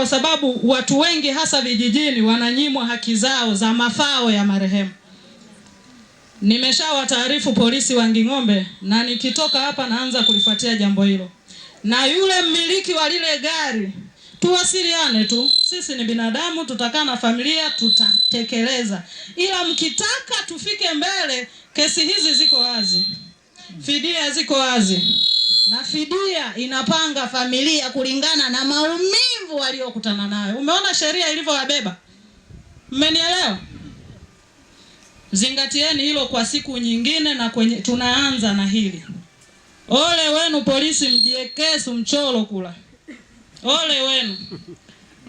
kwa sababu watu wengi hasa vijijini wananyimwa haki zao za mafao ya marehemu. Nimeshawataarifu polisi wa Nging'ombe na nikitoka hapa naanza kulifuatia jambo hilo, na yule mmiliki wa lile gari tuwasiliane tu, sisi ni binadamu, tutakaa na familia, tutatekeleza, ila mkitaka tufike mbele, kesi hizi ziko wazi, fidia ziko wazi, na fidia inapanga familia kulingana na maumivu wivu waliokutana nayo. Umeona sheria ilivyowabeba? Mmenielewa? Zingatieni hilo kwa siku nyingine, na kwenye tunaanza na hili. Ole wenu polisi, mjiekesu mchoro kula, ole wenu.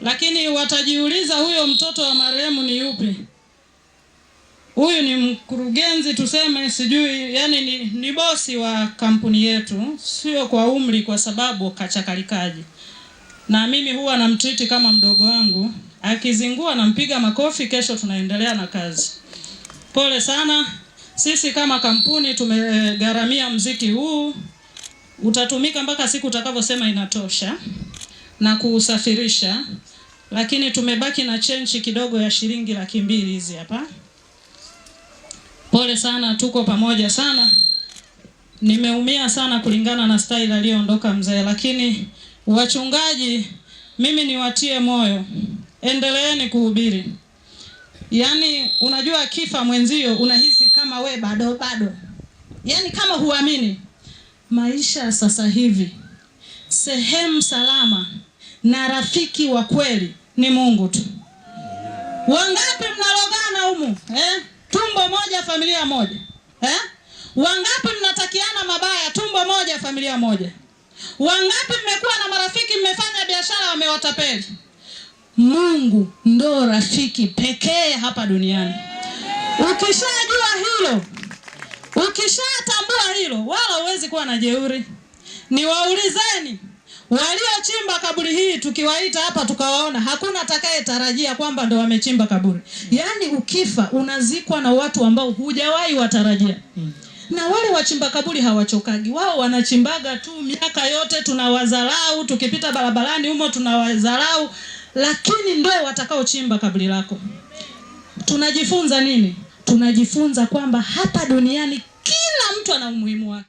Lakini watajiuliza huyo mtoto wa marehemu ni yupi? Huyu ni mkurugenzi tuseme, sijui yani ni, ni bosi wa kampuni yetu, sio kwa umri, kwa sababu kachakalikaji na mimi huwa namtriti kama mdogo wangu, akizingua nampiga makofi. Kesho tunaendelea na kazi. Pole sana, sisi kama kampuni tumegharamia mziki huu, utatumika mpaka siku utakavyosema inatosha na kuusafirisha, lakini tumebaki na chenchi kidogo ya shilingi laki mbili hizi hapa. Pole sana, tuko pamoja sana. Nimeumia sana kulingana na staili aliyoondoka mzee, lakini Wachungaji, mimi niwatie moyo, endeleeni kuhubiri. Yaani unajua kifa mwenzio unahisi kama we bado bado, yaani kama huamini maisha. Sasa hivi sehemu salama na rafiki wa kweli ni Mungu tu. Wangapi mnalogana humu eh? Tumbo moja familia moja eh? Wangapi mnatakiana mabaya tumbo moja familia moja Wangapi mmekuwa na marafiki mmefanya biashara wamewatapeli? Mungu ndo rafiki pekee hapa duniani. Ukishajua hilo, ukishatambua hilo, wala huwezi kuwa na jeuri. Niwaulizeni waliochimba kaburi hii, tukiwaita hapa tukawaona, hakuna atakayetarajia kwamba ndo wamechimba kaburi. Yaani ukifa unazikwa na watu ambao hujawahi watarajia na wale wachimba kaburi hawachokagi, wao wanachimbaga tu miaka yote, tunawadharau tukipita barabarani humo tunawadharau, lakini ndio watakaochimba kaburi lako. Tunajifunza nini? Tunajifunza kwamba hapa duniani kila mtu ana umuhimu wake.